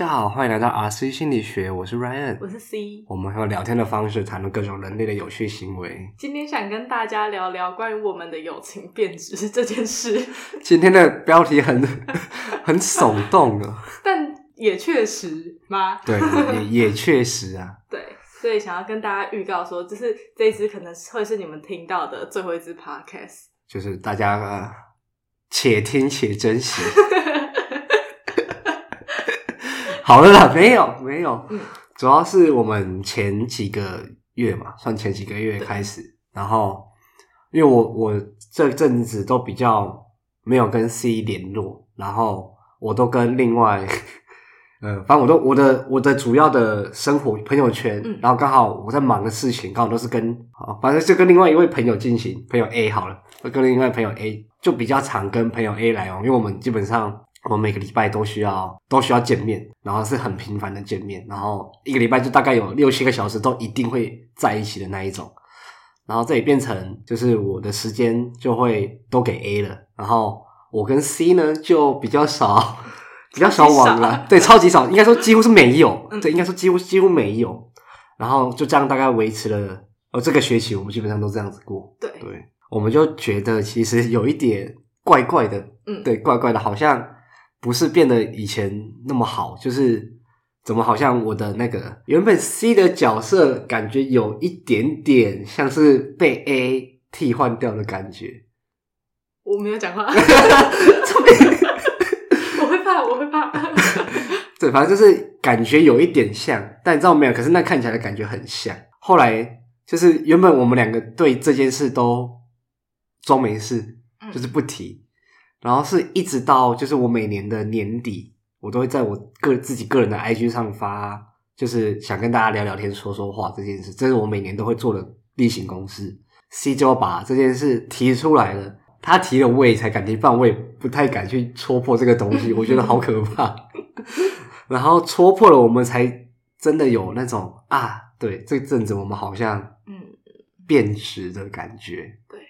大家好，歡迎來到 RC 心理學，我是 Ryan，我是 C，我們用聊天的方式談論各種人類的有趣行為。今天想跟大家聊聊關於我們的友情變質這件事。今天的標題很 很聳動啊，但也確實嘛。對，也也確實啊。 對，所以想要跟大家預告說，就是這次可能會是你們聽到的最後一支 Podcast，就是大家、呃、且聽且珍惜。 好了啦，沒有沒有，主要是我們前幾個月嘛，算前幾個月開始，對然後因為我我這陣子都比較沒有跟 C 聯絡，然後我都跟另外，呃，反正我都我的我的主要的生活朋友圈，嗯、然後剛好我在忙的事情，剛好都是跟啊，反正就跟另外一位朋友進行，朋友 A 好了，我跟另外一位朋友 A 就比較常跟朋友 A 來哦、喔，因為我們基本上。我每個禮拜都需要都需要見面，然後是很頻繁的見面，然後一個禮拜就大概有六七個小時都一定會在一起的那一種，然後這也變成就是我的時間就會都給 A 了，然後我跟 C 呢就比較少，比較少玩了，了對，超級少，應該說幾乎是沒有， 嗯、對，應該說幾乎幾乎沒有，然後就這樣大概維持了，哦、呃，這個學期我們基本上都這樣子過，對，對，我們就覺得其實有一點怪怪的，嗯，對，怪怪的，好像。不是變得以前那麼好，就是怎麼好像我的那個原本 C 的角色，感覺有一點點像是被 A 替換掉的感覺。我沒有講話， 我會怕，我會怕。 對，反正就是感覺有一點像，但你知道沒有？可是那看起來的感覺很像。後來就是原本我們兩個對這件事都裝沒事，就是不提。嗯然後是一直到就是我每年的年底，我都會在我個自己個人的 IG 上發，就是想跟大家聊聊天、說說話這件事，這是我每年都會做的例行公事。C 就把這件事提出來了，他提了我也才敢提，不然我也，不太敢去戳破這個東西，我覺得好可怕。 然後戳破了，我們才真的有那種啊，對，這陣子我們好像嗯，變質的感覺、嗯。對，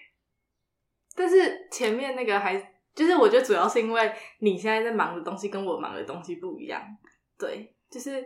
但是前面那個還。就是我覺得主要是因為你現在在忙的東西跟我忙的東西不一樣，對，就是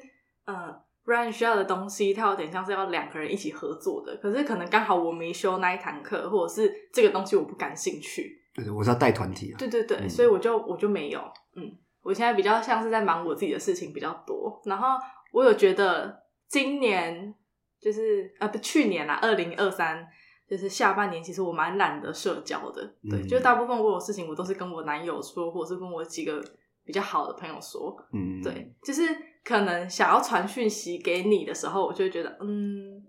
呃不然你需要的東西，它有點像是要兩個人一起合作的，可是可能剛好我沒修那一堂課，或者是這個東西我不感興趣，對，我是要帶團體啊，對對對，嗯，所以我就我就沒有，嗯，我現在比較像是在忙我自己的事情比較多，然後我有覺得今年就是啊不去年啦，二零二三。就是下半年，其實我蠻懶得社交的，對，嗯、就大部分我有事情我都是跟我男友說，或者是跟我幾個比較好的朋友說，嗯，對，就是可能想要傳訊息給你的時候，我就會覺得，嗯，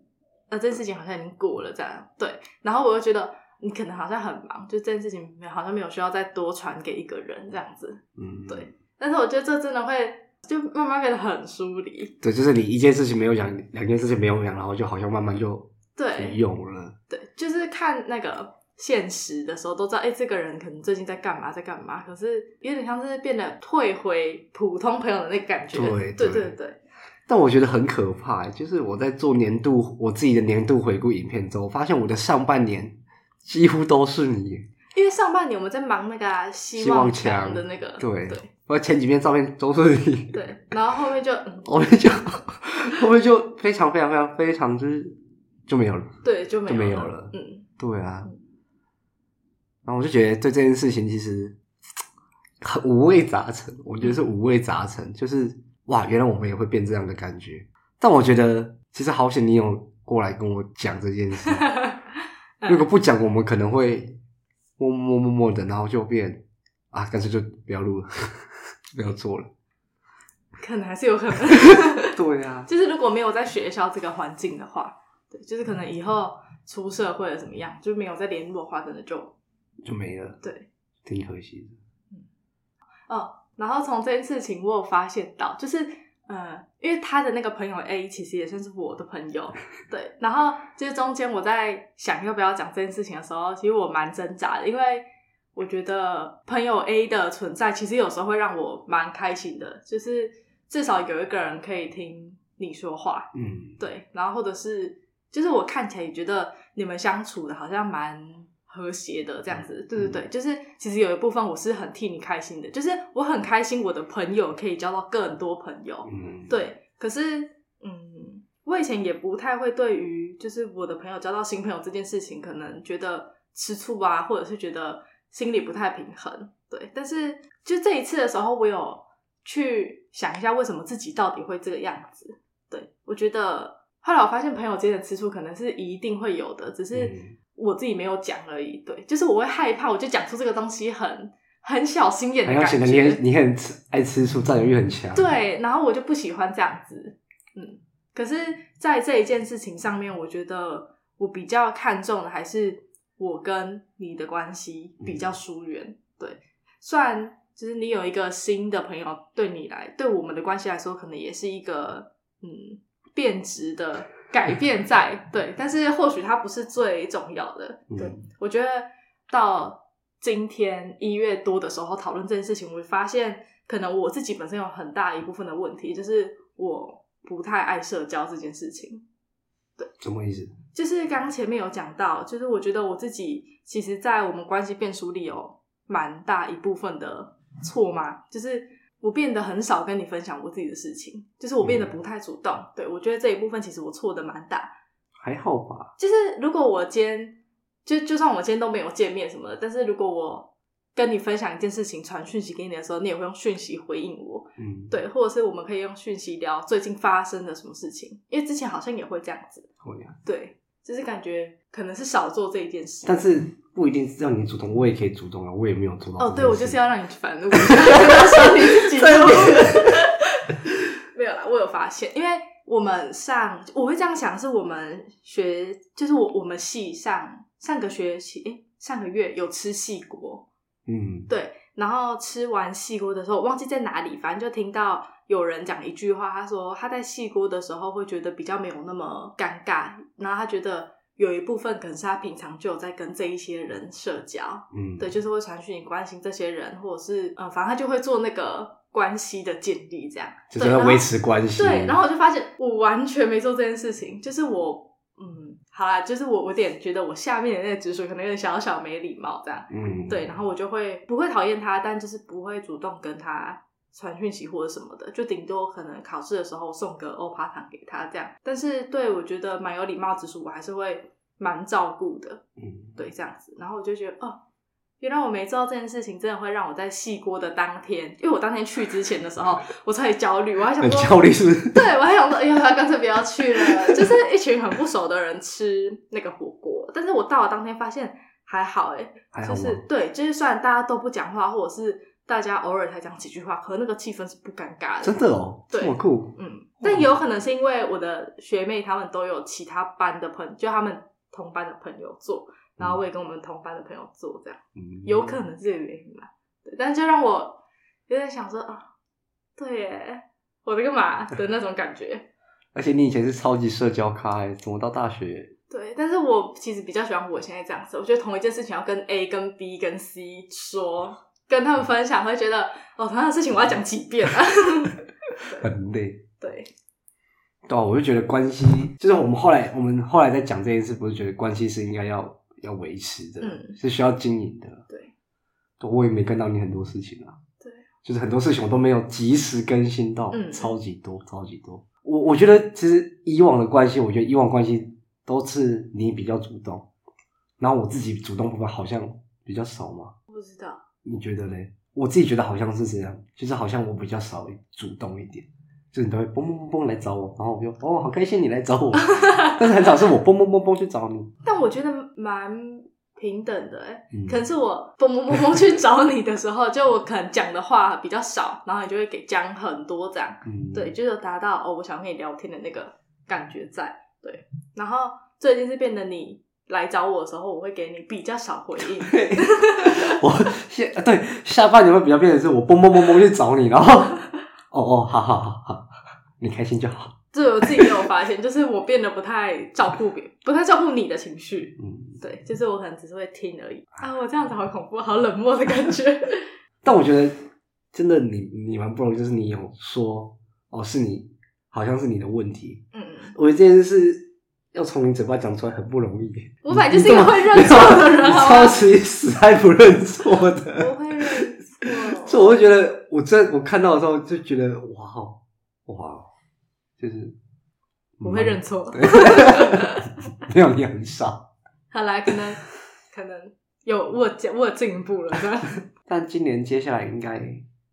那、啊、這件事情好像已經過了這樣，對，然後我又覺得你可能好像很忙，就這件事情好像沒有需要再多傳給一個人這樣子，嗯，對，但是我覺得這真的會就慢慢變得很疏離，對，就是你一件事情沒有講，兩件事情沒有講，然後就好像慢慢就用對。沒有了，對。就是看那個現實的時候，都知道哎、欸，這個人可能最近在幹嘛，在幹嘛。可是有點像是變得退回普通朋友的那個感覺。對對對對。但我覺得很可怕，就是我在做年度我自己的年度回顧影片之後，我發現我的上半年幾乎都是你。因為上半年我們在忙那個希望牆的那個，對。對我前幾篇照片都是你。對，然後後面就我們就、嗯、 後面就非常非常非常非常就是。就沒有了，對，就沒有了，就沒有了，嗯，對啊，然後我就覺得對這件事情其實很五味雜陳，我覺得是五味雜陳，嗯、就是哇，原來我們也會變這樣的感覺。但我覺得其實好險，你有過來跟我講這件事， 嗯、如果不講，我們可能會默默默默的，然後就變啊，乾脆就不要錄了， 不要做了，可能還是有可能， 對啊，就是如果沒有在學校這個環境的話。就是可能以後出社會了怎麼樣，就沒有再聯絡的話，真的就就沒了。對，挺可惜的。嗯，哦，然後從這件事情，我有發現到，就是，嗯、呃，因為他的那個朋友 A 其實也算是我的朋友， 對。然後，就是中間我在想要不要講這件事情的時候，其實我蠻掙扎的，因為我覺得朋友 A 的存在，其實有時候會讓我蠻開心的，就是至少有一個人可以聽你說話。嗯，對。然後，或者是。就是我看起來也覺得你們相處的好像蠻和諧的這樣子，嗯、對對對，嗯、就是其實有一部分我是很替你開心的，就是我很開心我的朋友可以交到更多朋友，嗯，對。可是，嗯，我以前也不太會對於就是我的朋友交到新朋友這件事情，可能覺得吃醋啊，或者是覺得心裡不太平衡，對。但是就這一次的時候，我有去想一下為什麼自己到底會這個樣子，對，我覺得。後來我發現，朋友間的吃醋可能是一定會有的，只是我自己沒有講而已。嗯、對，就是我會害怕，我就講出這個東西很很小心眼的感覺，顯得你很你很愛吃醋，占有欲很強。對，然後我就不喜歡這樣子。嗯，可是，在這一件事情上面，我覺得我比較看重的還是我跟你的關係比較疏遠。嗯、對，雖然就是你有一個新的朋友，對你來對我們的關係來說，可能也是一個嗯。變質的改變在對，但是或許它不是最重要的。對、嗯、我覺得到今天一月多的時候討論這件事情，我發現可能我自己本身有很大一部分的問題，就是我不太愛社交這件事情。對，什麼意思？就是剛剛前面有講到，就是我覺得我自己其實，在我們關係變疏離有蠻大一部分的錯嘛，嗯、就是。我變得很少跟你分享我自己的事情，就是我變得不太主動。嗯，對，我覺得這一部分其實我錯的蠻大。還好吧，就是如果我今天就就算我今天都沒有見面什麼的，但是如果我跟你分享一件事情，傳訊息給你的時候，你也會用訊息回應我。嗯，對，或者是我們可以用訊息聊最近發生的什麼事情，因為之前好像也會這樣子。會啊。對，就是感覺可能是少做這一件事，但是。不一定是讓你主動，我也可以主動啊，我也沒有主動。哦、oh,，對，我就是要讓你反對，我就是要說哈哈哈， 你自己哈哈哈哈哈， 沒有啦，我有發現，因為我們上，我會這樣想，是我們學，就是我我們系上上個學期，哎、欸，上個月有吃系鍋，嗯，對，然後吃完系鍋的時候，我忘記在哪裡，反正就聽到有人講一句話，他說他在系鍋的時候會覺得比較沒有那麼尷尬，然後他覺得。有一部分可能是他平常就有在跟這一些人社交，嗯，對，就是會傳訊你關心這些人，或者是呃，反正他就會做那個關係的建立，這樣，就是維持關係對。對，然後我就發現我完全沒做這件事情，就是我，嗯，好啦，就是我，我有點覺得我下面的那個直屬可能有點小小沒禮貌這樣，嗯，對，然後我就會不會討厭他，但就是不會主動跟他。傳訊息或者什麼的，就頂多可能考試的時候送個歐趴糖給他這樣。但是對，我覺得蠻有禮貌之處，我還是會蠻照顧的。嗯，對，這樣子。然後我就覺得，哦，原來我沒做到這件事情，真的會讓我在細鍋的當天，因為我當天去之前的時候，我很焦慮，我還想說焦慮是對，我還想說，哎呀，乾脆不要去了， 就是一群很不熟的人吃那個火鍋。但是我到了當天發現還好，欸，哎，就是對，就是雖然大家都不講話，或者是。大家偶爾才講幾句話，和那個氣氛是不尷尬的，真的哦，對這麼酷，嗯。但有可能是因為我的學妹她們都有其他班的朋友，就他們同班的朋友坐，然後我也跟我們同班的朋友坐。這樣，嗯、有可能這個原因吧。嗯、對，但就讓我有點想說啊，對耶，我在幹嘛的那種感覺。而且你以前是超級社交咖、欸，怎麼到大學？對，但是我其實比較喜歡我現在這樣子。我覺得同一件事情要跟 A、跟 B、跟 C 說。跟他們分享會覺得哦，同樣的事情我要講幾遍啊， 對很累。對，對、啊，我就覺得關係就是我們後來我們後來在講這件事，不是覺得關係是應該要要維持的，嗯、是需要經營的。對，我也沒跟到你很多事情啊，對，就是很多事情我都沒有及時更新到，嗯，超級多，超級多。我我覺得其實以往的關係，我覺得以往關係都是你比較主動，然後我自己主動部分好像比較少嘛，不知道。你覺得嘞？我自己覺得好像是這樣，就是好像我比較少主動一點，就是你都會蹦蹦蹦蹦來找我，然後我就哦，好開心你來找我， 但是很少是我蹦蹦蹦蹦去找你。但我覺得蠻平等的、欸，嗯、可能是我蹦蹦蹦蹦去找你的時候， 就我可能講的話比較少，然後你就會給講很多這樣，嗯、對，就有達到哦，我想跟你聊天的那個感覺在，對。然後最近是變得你來找我的時候，我會給你比較少回應。我現對，下半年會比較變成是我嘣嘣嘣嘣，去找你，然後哦哦，好好好好，你開心就好。就我自己沒有發現，就是我變得不太照顧別，不太照顧你的情緒。嗯，對，就是我可能只是會聽而已。啊、哦，我這樣子好恐怖，好冷漠的感覺。但我覺得真的你，你你蠻不容易，就是你有說哦，是你，好像是你的問題。嗯嗯，我覺得這件事。要從你嘴巴講出來很不容易，我反正就是一個會認錯的人，啊，超級死還不認錯的。我會認錯，哦，所以我會覺得我真，我這我看到的時候就覺得，哇哦，哇哦，就是我會認錯，對 沒有你很少。好啦，可能可能有我進有進步了，但但今年接下來應該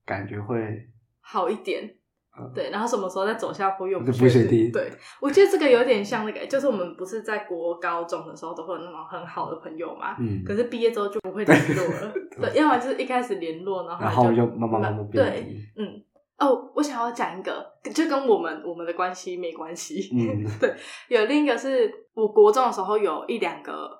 感覺會好一點。嗯、對，然後什麼時候再走下坡又不確定，就不對，我覺得這個有點像那個，就是我們不是在國高中的時候都會有那種很好的朋友嘛。嗯。可是畢業之後就不會聯絡了。對，要麼就是一開始聯絡，然後然後就慢慢慢慢變、嗯。對，嗯。哦，我想要講一個，就跟我們我們的關係沒關係。嗯、對，有另一個是，我國中的時候有一兩個，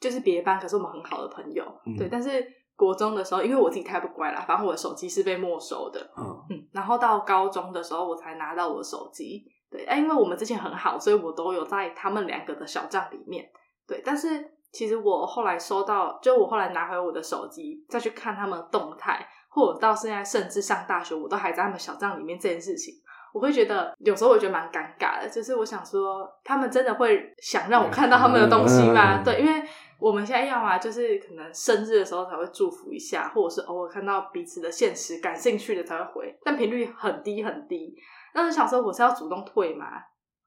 就是別班，可是我們很好的朋友。嗯。對，但是。國中的時候，因為我自己太不乖了，反正我的手機是被沒收的。Oh. 嗯，然後到高中的時候，我才拿到我的手機。對，哎、欸，因為我們之前很好，所以我都有在他們兩個的小賬裡面。對，但是其實我後來收到，就我後來拿回我的手機，再去看他們的動態，或者到現在甚至上大學，我都還在他們小賬裡面這件事情，我會覺得有時候我覺得蠻尷尬的，就是我想說，他們真的會想讓我看到他們的東西嗎？對，因為。我們現在要啊，就是可能生日的時候才會祝福一下，或者是偶爾看到彼此的限時，感興趣的才會回，但頻率很低很低。那我小時候我是要主動退嘛，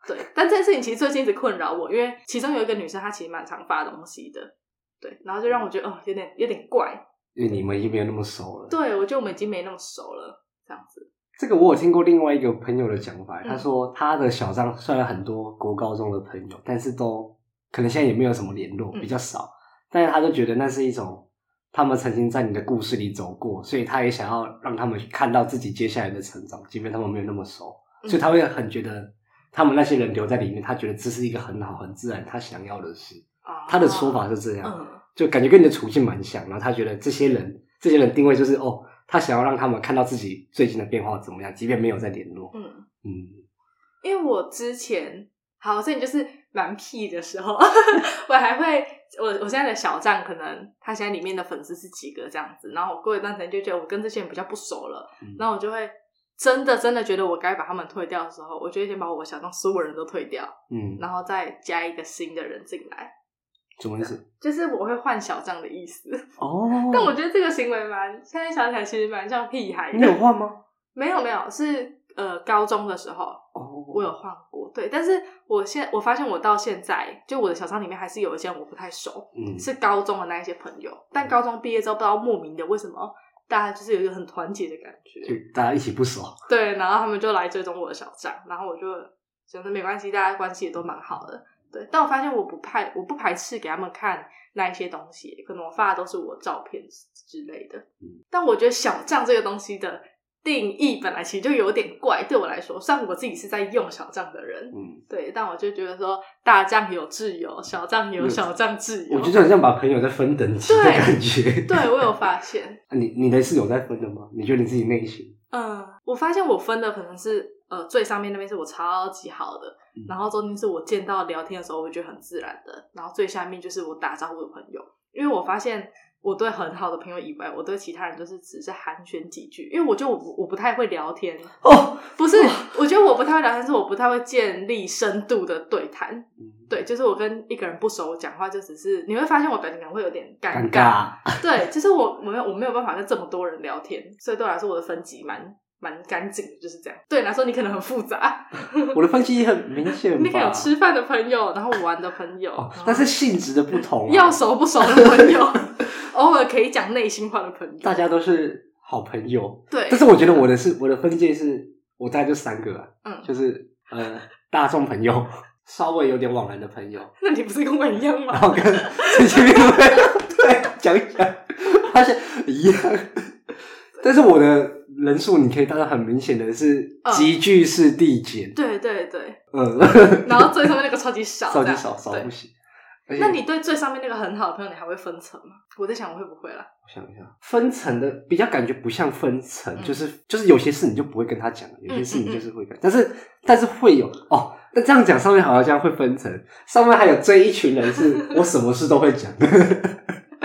對，但這件事情其實最近一直困擾我，因為其中有一個女生，她其實蠻常發東西的，對，然後就讓我覺得哦、呃，有點有點怪。因為你們已經沒有那麼熟了。對，我覺得我們已經沒那麼熟了，這樣子。這個我有聽過另外一個朋友的講法，他說他的小帳雖然很多國高中的朋友，但是都。可能現在也沒有什麼聯絡，比較少，嗯、但是他就覺得那是一種他們曾經在你的故事裡走過，所以他也想要讓他們看到自己接下來的成長，即便他們沒有那麼熟，嗯、所以他會很覺得他們那些人留在裡面，他覺得這是一個很好、很自然他想要的事。哦、他的說法是這樣，嗯、就感覺跟你的處境蠻像。然後他覺得這些人，這些人定位就是哦，他想要讓他們看到自己最近的變化怎麼樣，即便沒有再聯絡。嗯嗯，因為我之前好，所以你就是。蠻屁的時候， 我還會我我現在的小帳可能他現在裡面的粉絲是幾個這樣子，然後我過一段時間就覺得我跟這些人比較不熟了，那、嗯、我就會真的真的覺得我該把他們退掉的時候，我就先把我小賬所有人都退掉，嗯，然後再加一個新的人進來，什麼意思？嗯、就是我會換小賬的意思哦。Oh、但我覺得這個行為蠻，現在想起來其實蠻像屁孩。你有換嗎？沒有，沒有沒有是。呃，高中的時候，oh. 我有換過，對，但是我現我發現我到現在，就我的小賬裡面還是有一些我不太熟，嗯，是高中的那一些朋友，但高中畢業之後不知道莫名的為什麼，大家就是有一個很團結的感覺，對，大家一起不熟，對，然後他們就來追蹤我的小賬，然後我就覺得沒關係，大家關係也都蠻好的，對，但我發現我不派，我不排斥給他們看那一些東西，可能我發的都是我照片之類的，嗯，但我覺得小賬這個東西的。定義本來其實就有點怪，對我來說，雖然我自己是在用小賬的人，嗯，對，但我就覺得說大賬有自由，小賬有小賬自由。我覺得好像把朋友在分等級的對感覺，對我有發現。 你你的是有在分的嗎？你覺得你自己內心？嗯、呃，我發現我分的可能是呃最上面那邊是我超級好的，嗯、然後中間是我見到聊天的時候我覺得很自然的，然後最下面就是我打招呼的朋友。因為我發現。我對很好的朋友以外，我對其他人就是只是寒暄幾句，因為我覺得我我不太會聊天哦，oh, 不是，oh. 我覺得我不太會聊天，是我不太會建立深度的對談。Mm hmm. 對，就是我跟一個人不熟，我講話就只是你會發現我表情可能會有點尷尬。尷尬對，就是我，我沒有我沒有辦法跟這麼多人聊天，所以對我來說我的分級蠻蠻乾淨的，就是這樣。對我來說你可能很複雜， 我的分級也很明顯。你看有吃飯的朋友，然後玩的朋友，oh, 後但是性質的不同，啊，要熟不熟的朋友。 偶爾可以講內心話的朋友，大家都是好朋友。對，但是我覺得我的是我的分界是，我大概就三個，嗯，就是呃，大眾朋友，稍微有點往來的朋友。那你不是跟我一樣嗎？然後跟親戚朋友對講一講。發現一樣。但是我的人數你可以大概很明顯的是急劇式遞減。對對對，嗯，然後最上面那個超級少，超級少，少不行。那你對最上面那個很好的朋友，你還會分層嗎？我在想，我會不會啦？我想一下，分層的比較感覺不像分層，嗯、就是就是有些事你就不會跟他講，有些事你就是會跟，嗯嗯嗯嗯，但是但是會有哦。那這樣講，上面好像這樣會分層，上面還有這一群人是我什麼事都會講、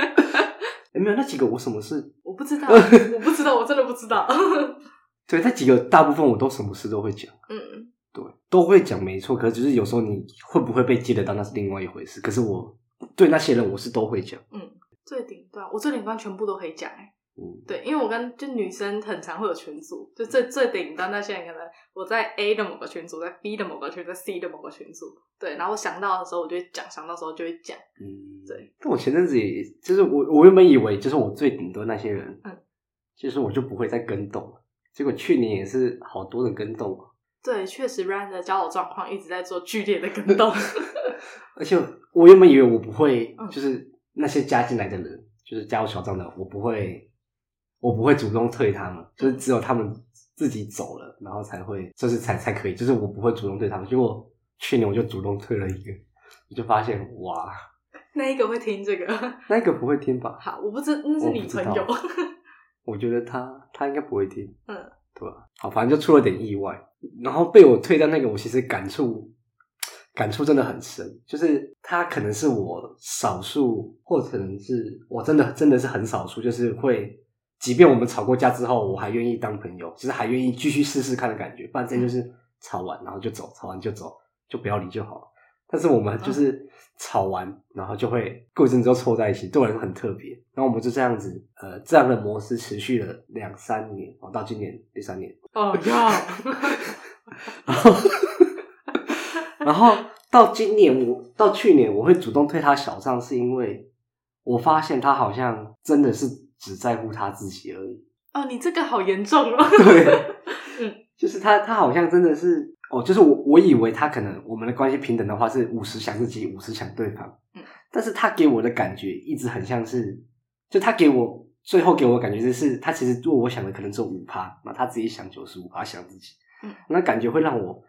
欸。沒有那幾個，我什麼事我不知道， 我不知道，我真的不知道。 對，那幾個大部分，我都什麼事都會講。嗯。對，都會講沒錯，可是就是有時候你會不會被記得到，那是另外一回事。可是我對那些人，我是都會講。嗯，最頂端，我最頂端全部都可以講、欸。哎，嗯，對，因為我跟就女生很常會有群組，就最、嗯、最頂端那些人可能我在 A 的某個群組，在 B 的某個群組，在 C 的某個群組，對，然後我想到的時候，我就會講，想到的時候就會講。嗯，對。但我前陣子也，就是我我原本以為就是我最頂端那些人，嗯，其實我就不會再跟動了。結果去年也是好多人跟動。對，確實，Ryan 的交友狀況一直在做劇烈的更動。而且我原本以為我不會，嗯、就是那些加進來的人，就是加我小帳的，我不會，我不會主動退他們，就是只有他們自己走了，然後才會，就是才才可以，就是我不會主動退他們。結果去年我就主動退了一個，我就發現哇，那一個會聽這個，那一個不會聽吧？好，我不知道，那是你朋友，我,我覺得他他應該不會聽，嗯。好，反正就出了點意外，然後被我退到那個，我其實感觸感觸真的很深，就是他可能是我少數，或者可能是我真的真的是很少數，就是會，即便我們吵過架之後，我還願意當朋友，其實還願意繼續試試看的感覺，不然這就是吵完然後就走，吵完就走，就不要理就好了。但是我們就是吵完，哦、然後就會過一陣子又湊在一起，對人很特別。然後我們就這樣子，呃，這樣的模式持續了兩三年哦，到今年第三年哦要， 然後 然後到今年我到去年我會主動退他小賬，是因為我發現他好像真的是只在乎他自己而已。哦，你這個好嚴重哦。 對，就是他，他好像真的是。哦，oh, 就是我我以為他可能我們的關係平等的話是五十想自己，五十想對方。嗯，但是他給我的感覺一直很像是，就他給我最後給我的感覺就是他其實對我想的可能只有五趴，那他自己想九十五趴想自己。嗯，那感覺會讓我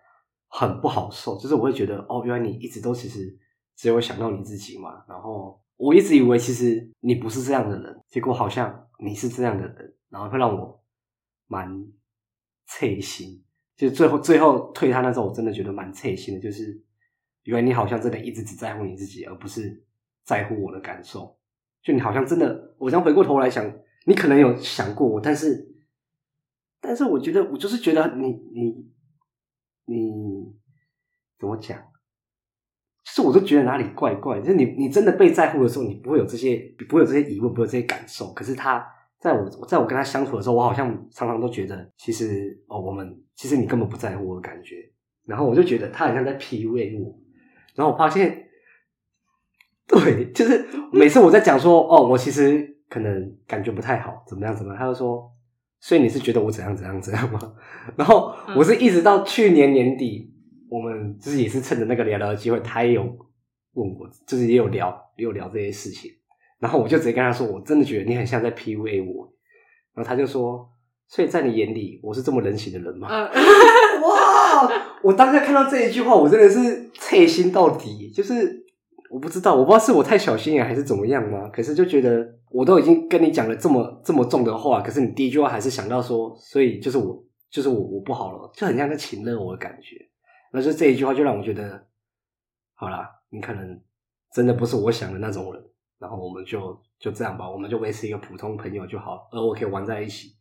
很不好受，就是我會覺得哦，原來你一直都其實只有想到你自己嘛，然後我一直以為其實你不是這樣的人，結果好像你是這樣的人，然後會讓我蠻切心。就最後最後退他那時候，我真的覺得蠻脆心的，就是以為你好像真的一直只在乎你自己，而不是在乎我的感受。就你好像真的，我想回過頭來想，你可能有想過我，但是但是我覺得我就是覺得你你你怎麼講？就是我就覺得哪裡怪怪。就是你你真的被在乎的時候，你不會有這些不會有這些疑問，不會有這些感受。可是他。在我在我跟他相處的時候，我好像常常都覺得，其實哦，我們其實你根本不在乎我的感覺。然後我就覺得他好像在 PUA 我。然後我發現，對，就是每次我在講說，哦，我其實可能感覺不太好，怎麼樣怎麼樣，他就說，所以你是覺得我怎樣怎樣怎樣嗎？然後我是一直到去年年底，我們就是也是趁着那個聊聊的機會，他也有問我，就是也有聊也有聊這些事情。然後我就直接跟他說：“我真的覺得你很像在 PUA 我。”然後他就說：“所以在你眼裡，我是這麼冷血的人嗎？” uh, 哇！我當下看到這一句話，我真的是脆心到底。就是我不知道，我不知道是我太小心眼、啊、還是怎麼樣嗎、啊？可是就覺得我都已經跟你講了這麼這麼重的話，可是你第一句話還是想到說：“所以就是我，就是我，我不好了。”就很像在情勒我的感覺。那就這一句話就讓我覺得，好了，你可能真的不是我想的那種人。然後我們就就這樣吧，我們就維持一個普通朋友就好，而我可以玩在一起，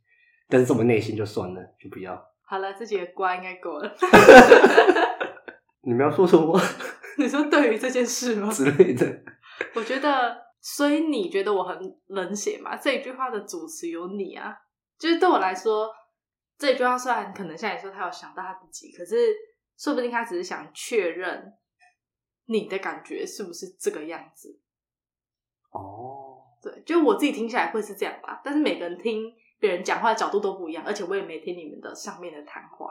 但是這麼內心就算了，就不要。好了，這集的瓜應該夠了。 你們要說什麼？你說對於這件事嗎？之類的。我覺得，所以你覺得我很冷血嗎？這一句話的主詞有你啊，就是對我來說，這一句話雖然可能像你說，他有想到他自己，可是說不定他只是想確認你的感覺是不是這個樣子。哦，oh. 對，就我自己聽起來會是這樣吧，但是每個人聽別人講話的角度都不一樣，而且我也沒聽你們的上面的談話。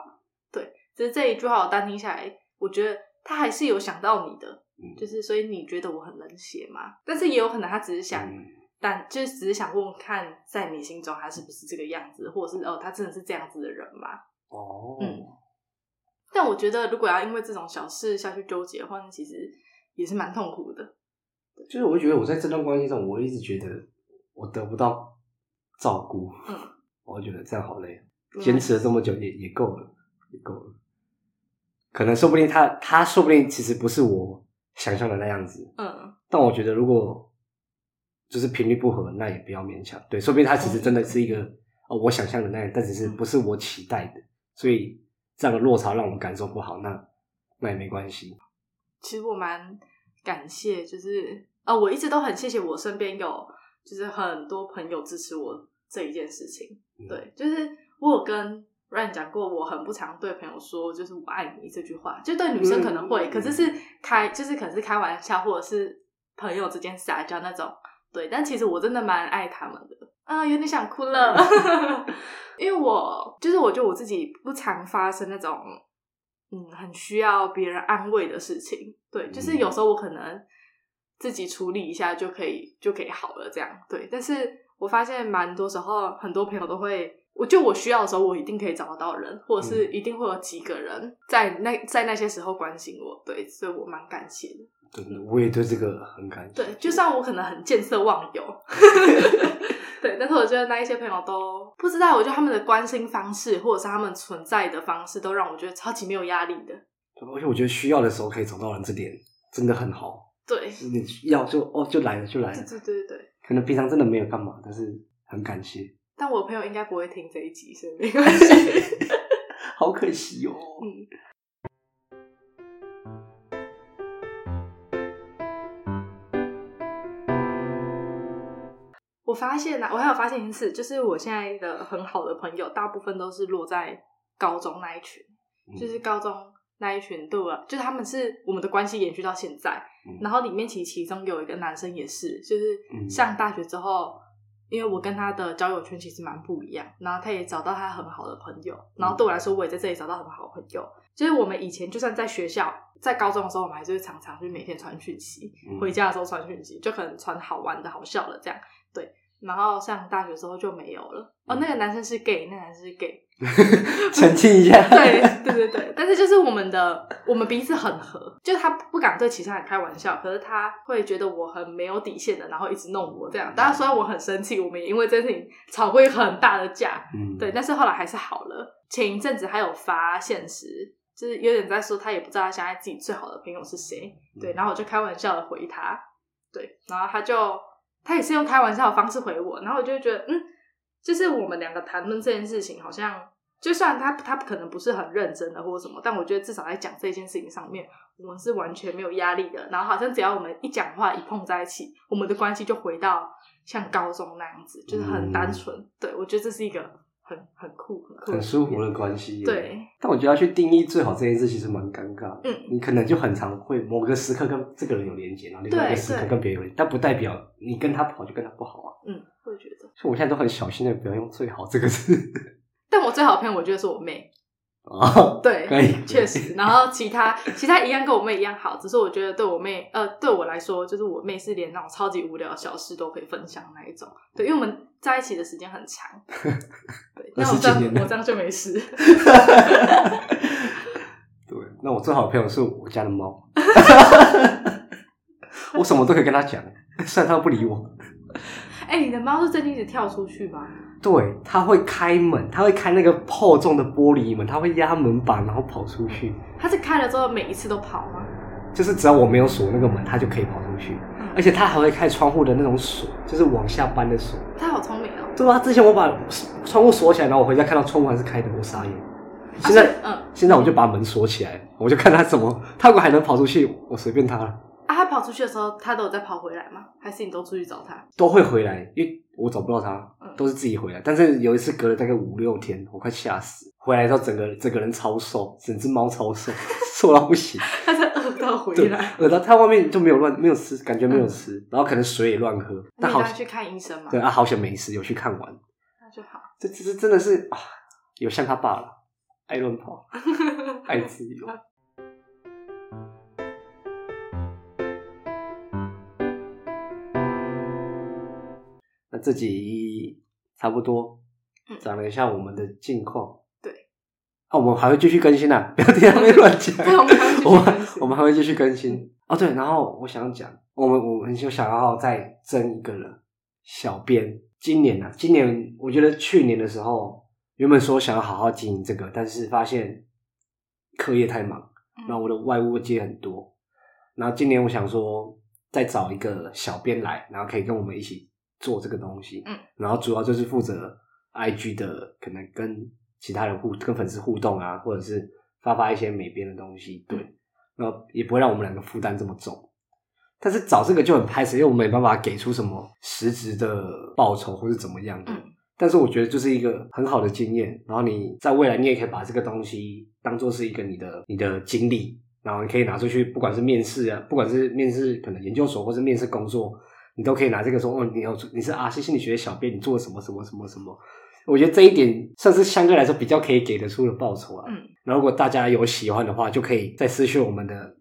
對，只、就是這一句話我單聽下來，我覺得他還是有想到你的，嗯、就是所以你覺得我很冷血嗎？但是也有可能他只是想，嗯、但就是只是想問問看，在你心中他是不是這個樣子，或者是哦，他真的是這樣子的人嗎？哦，oh. 嗯，但我覺得如果要因為這種小事下去糾結的話，其實也是蠻痛苦的。就是我覺得我在這段關係上，我一直覺得我得不到照顧，嗯、我覺得這樣好累，堅持了這麼久也也夠了，也夠了。可能說不定他他說不定其實不是我想象的那樣子，嗯。但我覺得如果就是頻率不合，那也不要勉強。對，說不定他其實真的是一個、嗯、哦，我想象的那樣，但只是不是我期待的，所以這樣的落差讓我們感受不好，那那也沒關係。其實我蠻感謝，就是。啊、哦，我一直都很謝謝我身邊有，就是很多朋友支持我這一件事情。對，就是我有跟 Ryan 講過，我很不常對朋友說就是“我愛你”這句話，就對女生可能會，可是是開，就是可能是開玩笑，或者是朋友之間撒嬌那種對。但其實我真的蠻愛他們的，啊、呃，有點想哭了， 因為我就是我覺得我自己不常發生那種，嗯，很需要別人安慰的事情。對，就是有時候我可能。自己處理一下就可以，就可以好了。這樣對，但是我發現蠻多時候，很多朋友都會，我就我需要的時候，我一定可以找得到人，嗯、或者是一定會有幾個人在那在那些時候關心我。對，所以我蠻感謝的。對，對，對，嗯、我也對這個很感謝。對，對就算我可能很見色忘友， 對，但是我覺得那一些朋友都不知道，我覺得他們的關心方式或者是他們存在的方式，都讓我覺得超級沒有壓力的。對，而且我覺得需要的時候可以找到人，這點真的很好。對，你要就哦，就來了，就來了。對對對對，可能平常真的沒有幹嘛，但是很感謝。但我的朋友應該不會聽這一集，是沒關係。好可惜哦。嗯。我發現啊，我還有發現一次，就是我現在的很好的朋友，大部分都是落在高中那一群，就是高中那一群對吧？嗯、就是他們是我們的關係延續到現在。然後裡面其其中有一個男生也是，就是上大學之後，因為我跟他的交友圈其實蠻不一樣，然後他也找到他很好的朋友，然後對我來說，我也在這裡找到很好的朋友。就是我們以前就算在學校，在高中的時候，我們還是會常常去每天傳訊息，回家的時候傳訊息，就可能傳好玩的、好笑的這樣，對。然後上大學之後就沒有了。哦，那個男生是 gay，那個男生是 gay，澄清一下 對。對對對對， 但是就是我們的我們彼此很合，就他不敢對其他人開玩笑，可是他會覺得我很沒有底線的，然後一直弄我這樣。當然，雖然我很生氣，我們也因為這事情吵過一個很大的架，嗯，對。但是後來還是好了。前一陣子他有發現實，就是有點在說他也不知道他現在自己最好的朋友是誰。對，然後我就開玩笑的回他，對，然後他就。他也是用開玩笑的方式回我，然後我就覺得，嗯，就是我們兩個談論這件事情，好像就算他他可能不是很認真的或者什麼，但我覺得至少在講這件事情上面，我們是完全沒有壓力的。然後好像只要我們一講話一碰在一起，我們的關係就回到像高中那樣子，就是很單純。嗯、對，我覺得這是一個。很很酷，很，酷很舒服的關係，對。但我覺得要去定義最好這件事其實蠻尷尬，嗯，你可能就很常會某個時刻跟這個人有連接、啊，對然後另一個時刻跟別人有連，對但不代表你跟他不好就跟他不好啊，嗯，我覺得。所以我現在都很小心的不要用“最好”這個詞，但我最好的朋友我覺得是我妹。哦，oh, 對，以確實。對然後其他 其他一樣，跟我妹一樣好。只是我覺得對我妹，呃，對我來說，就是我妹是連那種超級無聊小事都可以分享那一種。對，因為我們在一起的時間很長。 對，那我這樣我這樣就沒事。 對，那我最好的朋友是我家的貓。 我什麼都可以跟他講，雖然他不理我。哎、欸，你的貓是最近一直跳出去吧？對，他會開門，他會開那個厚重的玻璃門，他會壓門板，然後跑出去。他是開了之後每一次都跑嗎？就是只要我沒有鎖那個門，他就可以跑出去，嗯、而且他還會開窗戶的那種鎖，就是往下扳的鎖。他好聰明哦！對啊，之前我把窗戶鎖起來，然後我回家看到窗戶還是開的，我傻眼。啊、現在，嗯，現在我就把門鎖起來，我就看他怎麼，他如果還能跑出去，我隨便他了。啊，他跑出去的時候，他都有在跑回來嗎？還是你都出去找他？都會回來，因為我找不到他。都是自己回來，但是有一次隔了大概五六天，我快嚇死。回來之後，整個整個人超瘦，整只貓超瘦，瘦到不行。它在 餓到回來，餓到它外面就沒有亂沒有吃，感覺沒有吃，嗯、然後可能水也亂喝。他好想去看醫生嘛？對啊，好險沒事，有去看完，那就好。這這這真的是、啊、有像他爸了，愛亂跑愛自由。那自己。差不多，講了一下我們的近況、嗯。對，啊、哦，我們還會繼續更新啊，不要聽他們亂講。我們剛剛我，我們還會繼續更新。哦，對，然後我想講，我們我們就想要再徵一個人，小編。今年啊，今年我覺得去年的時候，原本說想要好好經營這個，但是發現課業太忙，那我的外務接很多。嗯、然後今年我想說，再找一個小編來，然後可以跟我們一起，做這個東西，嗯，然後主要就是負責 IG 的，可能跟其他人互、跟粉絲互動啊，或者是發發一些美編的東西，對，然後也不會讓我們兩個負擔這麼重。但是找這個就很拍謝，因為我們沒辦法給出什麼實質的報酬或是怎麼樣的。嗯、但是我覺得就是一個很好的經驗，然後你在未來你也可以把這個東西當做是一個你的你的經歷，然後你可以拿出去，不管是面試啊，不管是面試可能研究所或是面試工作。你都可以拿這個說哦，你要你是 RC 心理學的小編，你做什麼什麼什麼什麼。我覺得這一點算是相對來說比較可以給得出的報酬啊。嗯，如果大家有喜歡的話，就可以再私訊我們的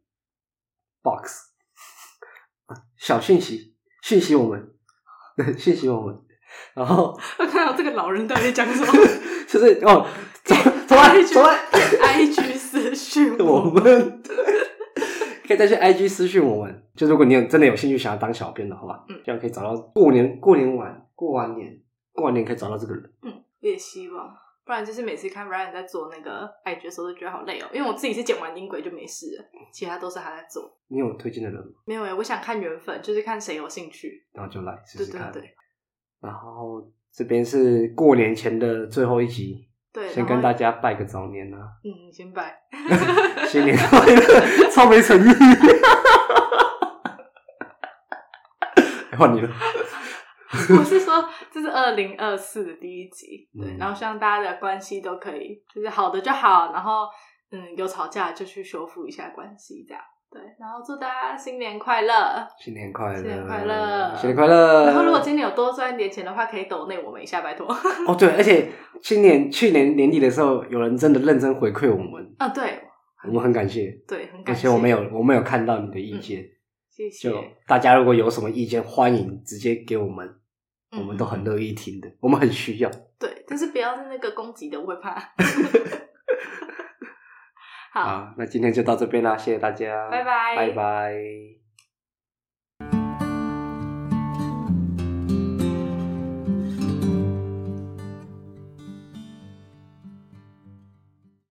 box 小訊息，訊息我們呵呵訊息我們。然後、啊、看到這個老人到底在講什麼？ 就是哦，從 IG 從 IG 私訊我們 可以再去 IG 私訊我們，就如果你有真的有興趣想要當小編的話，好吧，嗯，這樣可以找到過年、過年晚、過完年、過完年可以找到這個人，嗯，我也希望，不然就是每次看 Ryan 在做那個 IG 的時候都覺得好累哦，因為我自己是剪完音軌就沒事了，其他都是他在做。你有推薦的人嗎？沒有誒，我想看緣分，就是看誰有興趣，然後就來，是不是？對，對對對。然後這邊是過年前的最後一集。對，先跟大家拜個早年吶、啊！嗯，先拜， 新年快樂，超沒誠意。換、 欸、你了。 我是說，這是二零二四的第一集，對。嗯、然後希望大家的關係都可以，就是好的就好。然後，嗯，有吵架就去修復一下關係，這樣。對，然後祝大家新年快樂！新年快樂！新年快樂！新年快樂！快樂，然後如果今年有多賺一點錢的話，可以抖內我們一下，拜託。哦，對，而且今年去年年底的時候，有人真的認真回饋我們啊、嗯，對，我們很感謝。對，很感謝。我沒有，我沒有看到你的意見。嗯、謝謝。就大家如果有什麼意見，歡迎直接給我們，我們都很樂意聽的，嗯、我們很需要。對，但是不要是那個攻擊的，我會怕。 好，好，那今天就到這邊啦，謝謝大家，拜拜，拜拜。